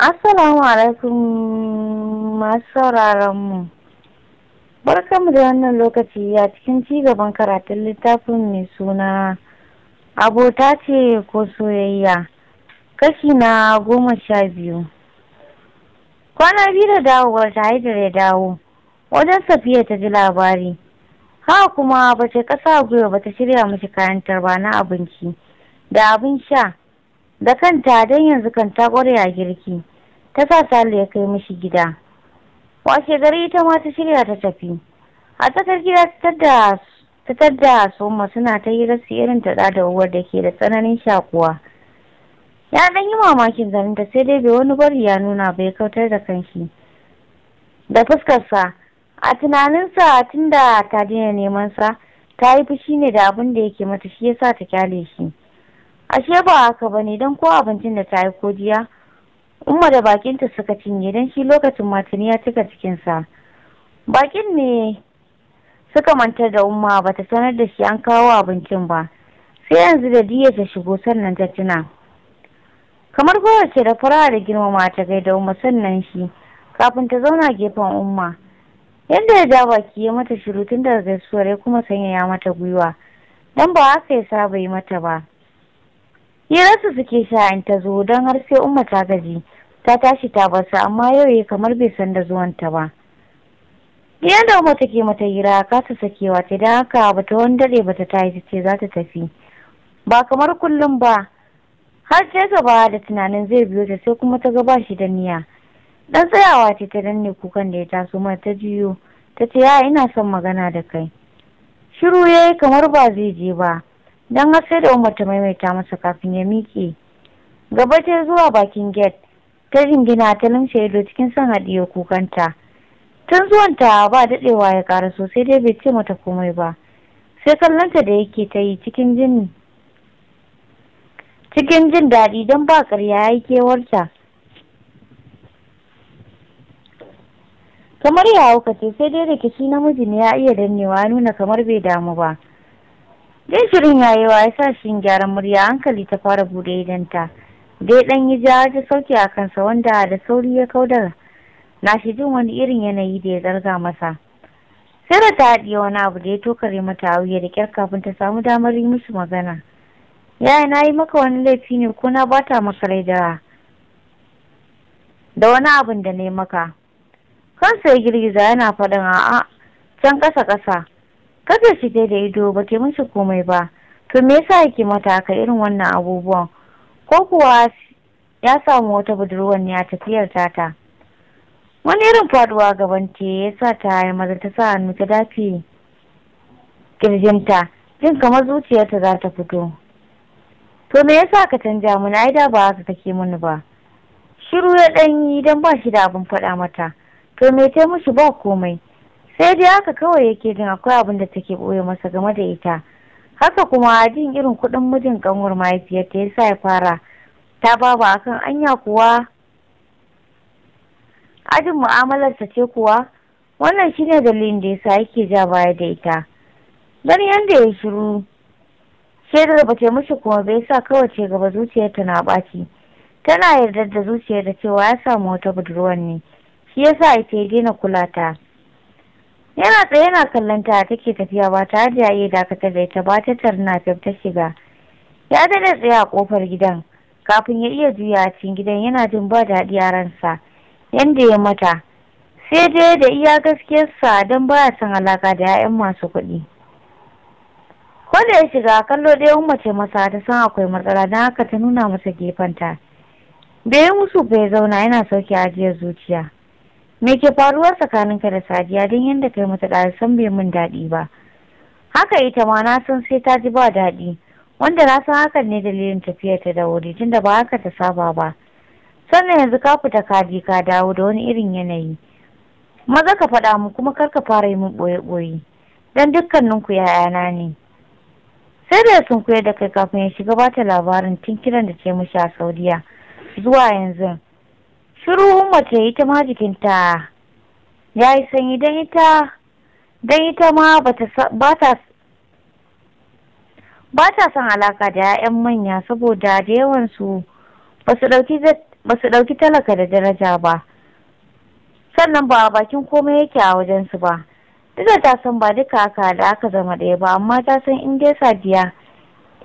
Assalamu alaikum masu sauraron mu. Barkanmu da wannan lokaci a cikin ci gaban karatun littafin mai suna abota ce ko soyayya kashi na goma sha biyu. Kwana biyu da dawowa ta haidar ya dawo wajen safiya ta ji labari. Haka kuma ba ƙasa kasa gwiwa ba ta shirya mashi kayan tarba na abinci da abin sha. da kanta don yanzu kan ta a girki ta sa sale ya kai mishi gida washe gari ita ma ta shirya ta tafi a tsakar gida ta tadda ma suna ta yi rasu irin ta da uwar da ke da tsananin shakuwa ya dan yi mamakin zanen ta sai dai bai wani bari ya nuna bai kautar da kanshi da fuskarsa a tunaninsa tunda ta daina neman sa ta yi fushi ne da abin da yake mata shi ya sa ta kyale shi ashe ba haka ba ne don ko abincin da ta yi jiya? umma da bakinta suka cinye don shi lokacin matani ya cika cikinsa bakin ne suka manta da umma ba ta sanar da shi an kawo abincin ba sai yanzu da diya ta shigo sannan ta tuna kamar kowace da fara da girmama ta gaida umma sannan shi kafin ta zauna gefen umma yadda ya ja baki ya mata shiru tun daga gaisuwar ya kuma sanyaya mata gwiwa don ba haka ya saba yi mata ba hirarsu suke sha in ta zo don har sai umma ta gaji ta tashi ta basu amma yau ya kamar bai san da zuwanta ba gidan da umma take mata hira ka ta sakewa ta dan haka bata wani dare bata ta ta ce za ta tafi ba kamar kullum ba har ta gaba da tunanin zai biyo ta sai kuma ta ga ba shi da niyya dan tsayawa ce ta danne kukan da ya taso mata ta juyo ta ce ya ina son magana da kai shiru yayi kamar ba zai je ba don har da umar ta maimaita masa kafin ya miƙe gaba ta zuwa bakin gate ta jingina ta limshe ido cikin son haɗiye kukanta tun zuwan ta ba daɗewa ya ƙara sosai dai bai ce mata komai ba sai kallonta da yake ta yi cikin jin daɗi don ba ƙarya ya yi kewarta kamar ya hauka sai dai rikici namiji ne ya iya dannewa nuna kamar bai damu ba jinjirin yayewa ya sa shi gyaran murya hankali ta fara bude idanta da ya dan yi ja ta sauke a kansa wanda da sauri ya kaudar na shi jin wani irin yanayi da ya zarga masa sai da ta haɗiye wani abu da ya tokare mata a wuya da kyar kafin ta samu damar yi musu magana yaya na yi maka wani laifi ne ko na bata maka rai da wani abin da na yi maka kansa ya girgiza yana faɗin a'a can ƙasa ƙasa kada su da ido ba ke musu komai ba to me yasa yake mata haka irin wannan abubuwan ko kuwa ya samu wata budurwar ne a tafiyar tata wani irin faduwa gaban ce ya sa ta yi maza ta sa hannu ta dafi kirjinta jin kamar zuciyarta za ta fito to me yasa ka canja mana ai da ba haka ke mini ba shiru ya ɗan yi don ba shi da abin faɗa mata to me ta mushi ba komai sai dai haka kawai yake jin akwai abin da take ɓoye masa game da ita haka kuma jin irin kuɗin mijin kanwar mahaifiyarta ya sa ya fara ta baba akan anya kuwa ajin mu'amalarta ce kuwa wannan shine dalilin da yasa yake ja baya da ita don yanda ya shiru shaidar ba ta mishi kuma bai sa ce gaba zuciyarta na ɓaci tana yarda da zuciyar da cewa ya samu wata budurwar ne shi yasa ita ya daina kula ta yana tsaye yana kallon ta take tafiya ba tare da yayi dakatar da ita ba ta tarna ta shiga ya dade tsaye a kofar gidan kafin ya iya juya a cikin gidan yana jin ba daɗi a ransa yanda ya mata sai dai da iya gaskiyarsa don baya son alaka da 'ya'yan masu kuɗi ko da ya shiga kallo ɗaya mace masa ta san akwai matsala don haka ta nuna masa gefenta bai yi musu bai zauna yana sauke ajiyar zuciya me ke faruwa tsakaninka da sadiya don yadda kai mata san bai min daɗi ba haka ita ma na san sai ta ji ba daɗi wanda na san hakan ne dalilin tafiyar ta da wuri tunda ba haka ta saba ba sannan yanzu ka fita ka je ka dawo da wani irin yanayi maza ka faɗa mu kuma kar ka fara yi min ɓoye-ɓoye don dukkaninku ya'yana ne sai da sun sunkuya da kai kafin ya shiga bata labarin tun kiran da ce mishi a saudiya zuwa yanzu shiru mace ita yi ma jikinta ya yi sanyi don ita don ita ma ba ta son alaka da 'ya'yan manya saboda da yawansu ba su ɗauki talaka da daraja ba sannan ba a bakin komai yake a wajensu ba duk da ta san ba duka aka da aka zama ɗaya ba amma ta san in ya sadiya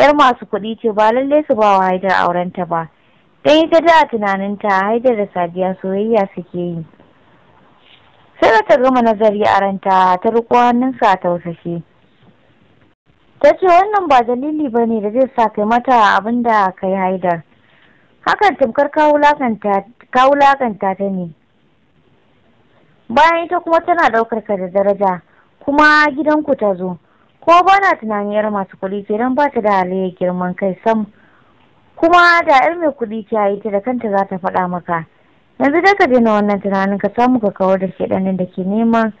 'yar masu kuɗi ce ba lallai su ba wa haidar aurenta ba don ita da a ta, haidar da sadiya soyayya suke yi sai da ta gama nazari a ranta ta riko hannunsa a tausashe ta ce wannan ba dalili ba ne da zai sa kai mata abin da ka yi haidar hakan tamkar kawo lakanta ta ne bayan ita kuma tana ɗaukar ka da daraja kuma gidanku ta zo ko ba na tunanin yar masu kuɗi don ba ta da halayyar girman kai sam kuma da yar mai kuɗi ta yi ta da kanta za ta faɗa maka yanzu da ka daina wannan tunanin ka samu ka kawar da ɗanin da ke neman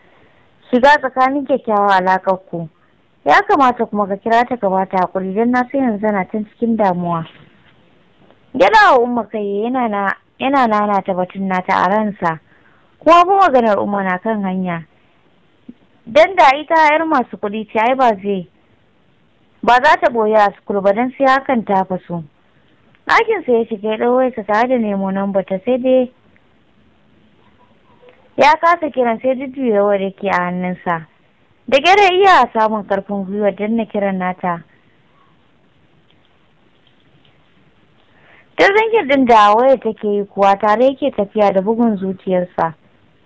shiga tsakanin kyakkyawa alaƙar ku ya kamata kuma ka kira ta gaba ta hakuri don na sai yanzu na tun cikin damuwa gyaɗa wa umma kai yana na yana nana ta batun nata a ransa kuma bu maganar umma na kan hanya dan da ita yar masu kuɗi ta ai ba zai ba za ta boye a sukul ba don sai hakan ta faso ɗakin ya shiga ya wayarsa tare da nemo namba ta sai dai ya kasa kiran sai jujjuyawar ke a hannunsa da gare iya samun karfin gwiwa don na kiran nata ta zangin ɗin da waya take yi kuwa tare yake tafiya da bugun zuciyarsa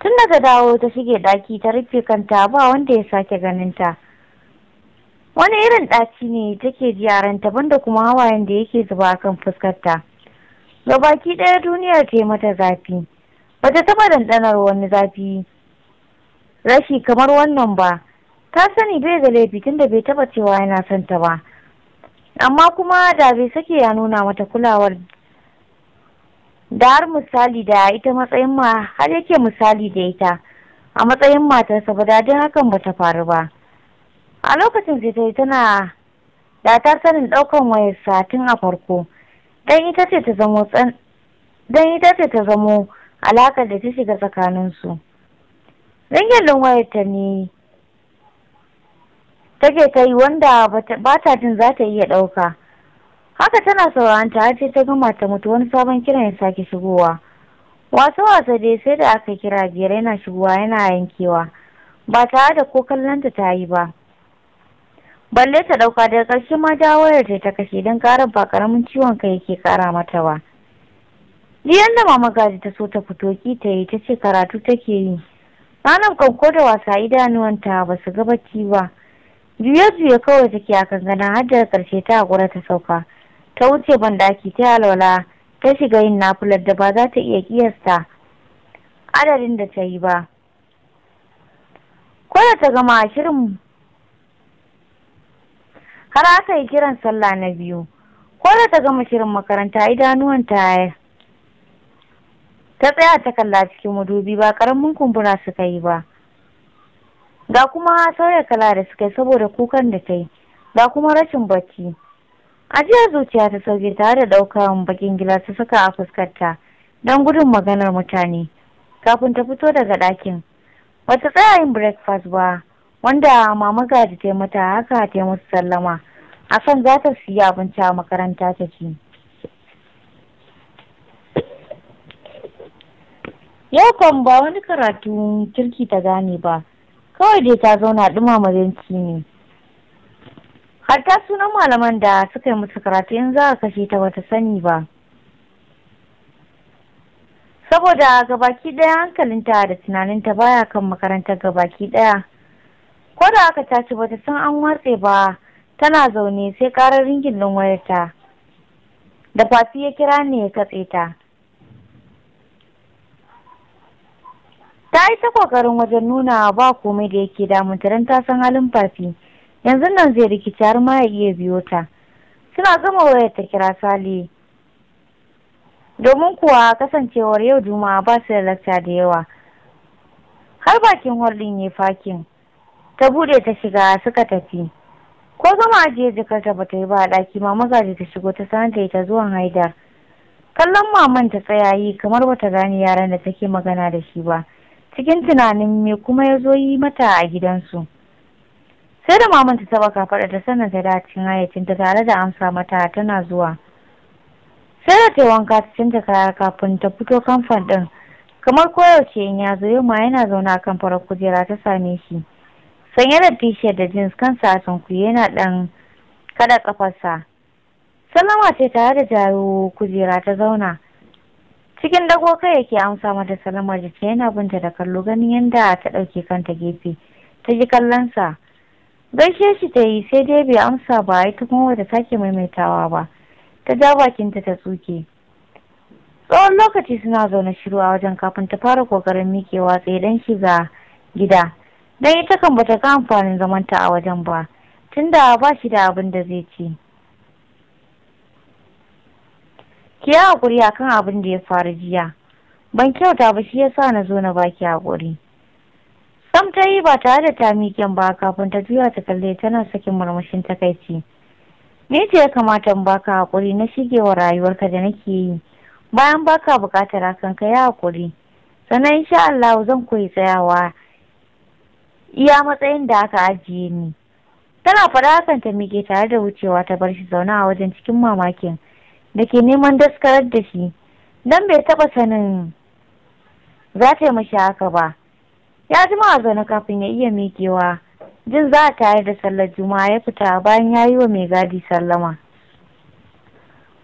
tun daga dawo ta shige ɗaki, ta rufe kanta ba wanda ya sake ganinta wani irin ɗaci ne take ji banda kuma hawayen da yake zuba kan fuskarta gabaki ɗaya duniyar ta mata zafi bata taɓa ɗanɗanar wani zafi rashi kamar wannan ba ta sani bai da laifi tun da bai taɓa cewa yana son ta ba amma kuma da bai sake ya nuna mata kulawar da har misali da ita matsayin ma har yake misali da ita a matsayin matarsa ba da hakan ba ta faru ba a lokacin ta tana da ta sanin ɗaukan wayar satin a farko dan ita ce ta zamo tsan dan ita ce ta zamo alakar da ta shiga tsakaninsu ringin din wayar ta ne take ta yi wanda ba ta jin za ta iya ɗauka haka tana sauraron ta ce ta gama ta mutu wani sabon kiran ya sake shigowa wasu wasa dai sai da aka kira biyar yana shigowa yana yankewa ba tare da ko kallon ta ta yi ba balle ta dauka daga ƙarshe ma wayar ta ta kashe don karar ba karamin ciwon kai yake kara mata ba jiyan da mama gaji ta so ta fito ki ta yi ta ce karatu take yi ranar kanko da wasa idanuwanta ba su ga bacci ba juye-juye kawai take a kankana har da ƙarshe ta hakura ta sauka ta wuce bandaki ta alwala ta shiga yin nafular da ba za ta iya kiyasta adadin da ta yi ba ko da ta gama shirin har aka yi kiran sallah na biyu ko da ta gama shirin makaranta idanuwan ta ta tsaya ta kalla cikin madubi ba karamin kumbura suka yi ba ga kuma sauya kala da suka yi saboda kukan da ta yi ga kuma rashin bacci ajiyar zuciya ta sauke tare da ɗaukan bakin gila ta saka a fuskarta don gudun maganar mutane kafin ta fito daga ɗakin ta tsaya yin breakfast ba wanda mama gaji ta mata haka ta musu sallama akan za ta siya abinci a makaranta ta ci yau kan ba wani karatu kirki ta gane ba kawai dai ta zauna dumama yanki ne har ta sunan malaman da suka yi musu karatu in za a kashe ta bata sani ba saboda gabaki daya hankalinta da tunaninta baya kan makarantar gabaki daya ko da aka tashi bata san an watse ba tana zaune sai karar ringin ɗin wayarta da fafi ya kira ne ya katse ta ta yi ta kokarin wajen nuna ba komai da yake damunta don ta san halin fafi yanzu nan zai rikici har ma ya iya biyo ta suna gama wayar ta kira sale domin kuwa kasancewar yau juma'a ba su da lakta da yawa har bakin hol ɗin ya fakin ta bude ta shiga suka tafi ko zama ajiye jikarta ba ta yi ba a ɗaki mama gaji ta shigo ta sanar da ita zuwan haidar kallon maman ta tsaya yi kamar bata gane yaran da take magana da shi ba cikin tunanin me kuma ya zo yi mata a gidansu sai da maman ta taba kafaɗa ta sanar da dacin hayacin ta tare da amsa mata tana zuwa sai da ta wanka ta canza kaya kafin ta fito kamfan ɗin kamar koyaushe in ya zo yau ma yana zaune a kan farar kujera ta same shi sanye da t da jeans kansa a sunkuye yana ɗan kada kafarsa salama ce tare da jaro kujera ta zauna cikin dago kai yake amsa mata salama da ce yana binta da kallo ganin yadda ta ɗauke kanta gefe ta ji kallonsa gaishe shi ta yi sai dai bai amsa ba ta kuma wata sake maimaitawa ba ta ja bakinta ta tsuke tsawon lokaci suna zaune shiru a wajen kafin ta fara kokarin mikewa tsaye dan shiga gida dan ita kan bata ga amfanin zaman ta a wajen ba tunda ba shi da abin da zai ci ki yi hakuri kan abin da ya faru jiya ban kyauta ba shi yasa na zo na baki hakuri sam ta yi ba tare da ta miƙen ba kafin ta juya ta kalle tana sakin murmushin takaici me ce ya kamata in baka hakuri na shigewa rayuwarka da nake yi bayan baka bukatar hakan ka yi hakuri sannan insha Allah zan koyi tsayawa iya matsayin da aka ajiye ni tana faɗa hakan ta mike tare da wucewa ta bar shi zaune a wajen cikin mamakin da ke neman daskarar da shi Dan bai taɓa sanin za ta yi mashi haka ba ya ji ma zaune kafin ya iya mikewa jin za a tare da sallar juma'a ya fita bayan ya yi wa mai gadi sallama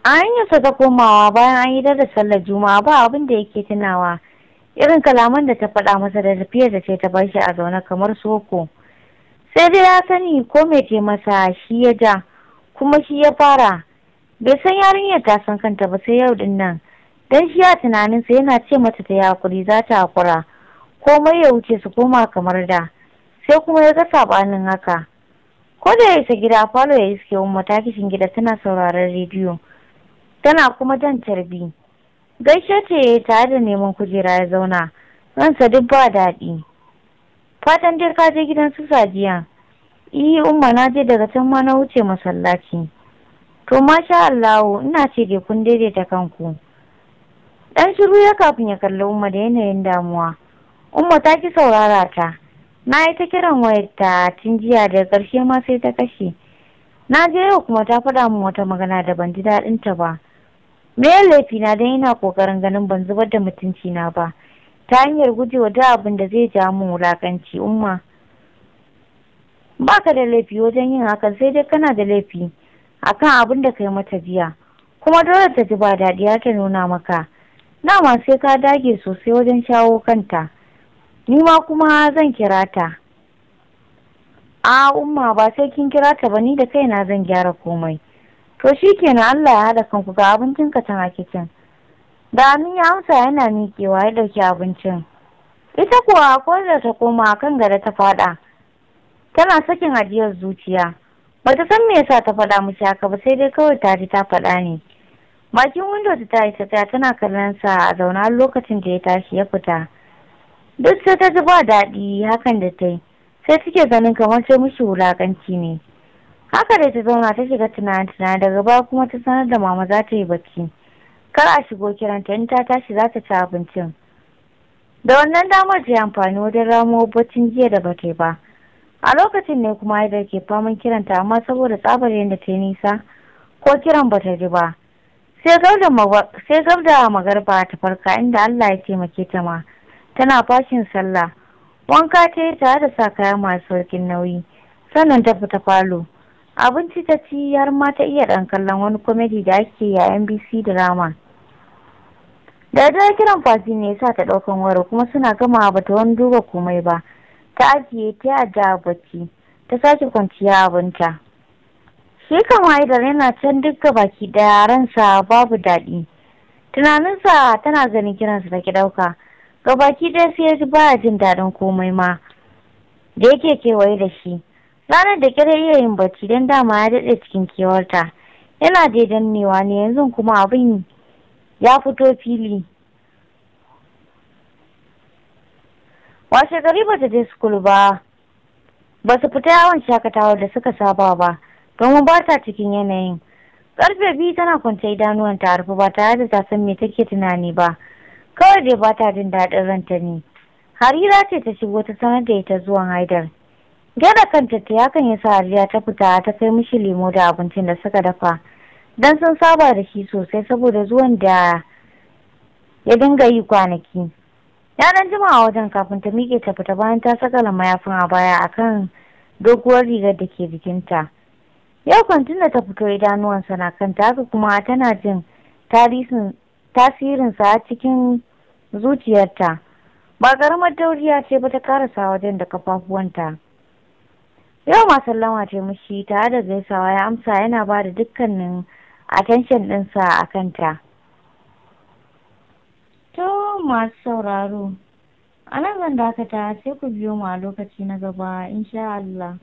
a hanyarsa ta komawa bayan an yi da sallar juma'a ba abin da yake tunawa irin kalaman da ta faɗa masa da tafiyar da ce ta bar shi a zaune kamar soko sai dai ya sani ko mai ce masa shi ya ja kuma shi ya fara bai san yarinyar ta san kanta ba sai yau din nan dan shi ya sa yana ce mata ta yakuri za ta hakura komai ya wuce su koma kamar da sai kuma ya ga sabanin haka ko da ya isa gida falo ya iske umma ta kishin gida tana sauraron rediyo tana kuma jan tarbi gaishe ce tare da neman kujera ya zauna ransa duk ba daɗi fatan dai ka je gidan su sajiya E, umma na je daga can ma na wuce masallaci to masha Allah ina ce dai kun daidaita kanku dan shiru ya kafin ya kalli umma da yanayin damuwa umma ta ki saurara ta na yi ta kiran wayar ta tun jiya da ƙarshe ma sai ta kashe na je yau kuma ta faɗa min wata magana da ban ji daɗin ta ba me ya laifi na dan ina kokarin ganin ban zubar da mutunci na ba ta hanyar gujewa duk abin da zai ja min wulakanci umma baka da laifi wajen yin hakan sai dai kana da laifi akan abin da ka yi mata jiya kuma dole ta ji ba daɗi ya ta nuna maka dama sai ka dage sosai wajen shawo kanta ni ma kuma zan kira ta a umma ba sai kin kira ta ba ni da kaina zan gyara komai to shi kenan Allah ya haɗa kanku ga abincin ka can a kicin da ni ya amsa yana miƙewa ya ɗauki abincin ita kuwa ko da ta koma kan gada ta faɗa tana sakin ajiyar zuciya bata san me yasa ta faɗa mishi haka ba sai dai kawai ta ji ta faɗa ne bakin windo ta yi ta tsaya tana kallon sa a zauna lokacin da ya tashi ya fita duk sai ta ji ba daɗi hakan da ta yi sai suke ganin kamar sai mishi wulaƙanci ne haka dai ta zauna ta shiga tunani-tunani daga ba kuma ta sanar da mama za ta yi bacci kar a shigo kiranta in ta tashi za ta ci abincin da wannan damar ta yi amfani wajen ramo baccin jiya da bata ba a lokacin ne kuma ya ke faman kiranta amma saboda tsabar yadda ta yi nisa ko kiran bata ji ba sai gab da magarba ta farka inda allah ya taimake ta ma tana fashin sallah wanka ta yi tare da sa kaya masu sauƙin nauyi sannan ta fita falo Abin ta ci har ma ta iya ɗan kallon wani komedi da ake yi a NBC drama. Da dare kiran fasi ne sa ta ɗaukan waro kuma suna gama ba ta wani duba komai ba. Ta ajiye ta da bacci ta sake kwanciya abinta. Shi kan da yana can duk ga baki ɗaya ransa babu daɗi. Tunaninsa tana ganin kiransa da ki ɗauka. Ga baki ɗaya sai ya ji baya jin daɗin komai ma. Da yake kewaye da shi. ranar da kyar iya yin bacci don dama ya daɗe cikin kewarta yana je dannewa ne yanzu kuma abin ya fito fili washe gari bata ta je school ba ba su fita yawon shakatawar da suka saba ba domin ba ta cikin yanayin Ƙarfe biyu tana kwance idanuwan ta harfi ba tare da ta san me take tunani ba kawai dai ba ta jin daɗin ranta ne harira ce ta shigo ta sanar da ita zuwan haidar Gyara kan ta yakan ya sa Aliya ta fita ta kai mishi lemo da abincin da suka dafa. Dan sun saba da shi sosai saboda zuwan da ya dinga yi kwanaki. Ya dan jima a wajen kafin ta miƙe ta fita bayan ta saka mayafin a baya akan doguwar rigar da ke jikinta. Yau kwantin da ta fito idanuwansa na kanta haka kuma tana jin tasirinsa a cikin zuciyarta. Ba ƙaramar dauriya ce ba ta ƙarasa wajen da kafafuwanta. yau ma sallama ce mushi tare da gaisawa ya amsa yana ba da dukkanin attention ɗinsa a kanta to masu sauraro a nan zan dakata sai ku biyo mu a lokaci na gaba insha Allah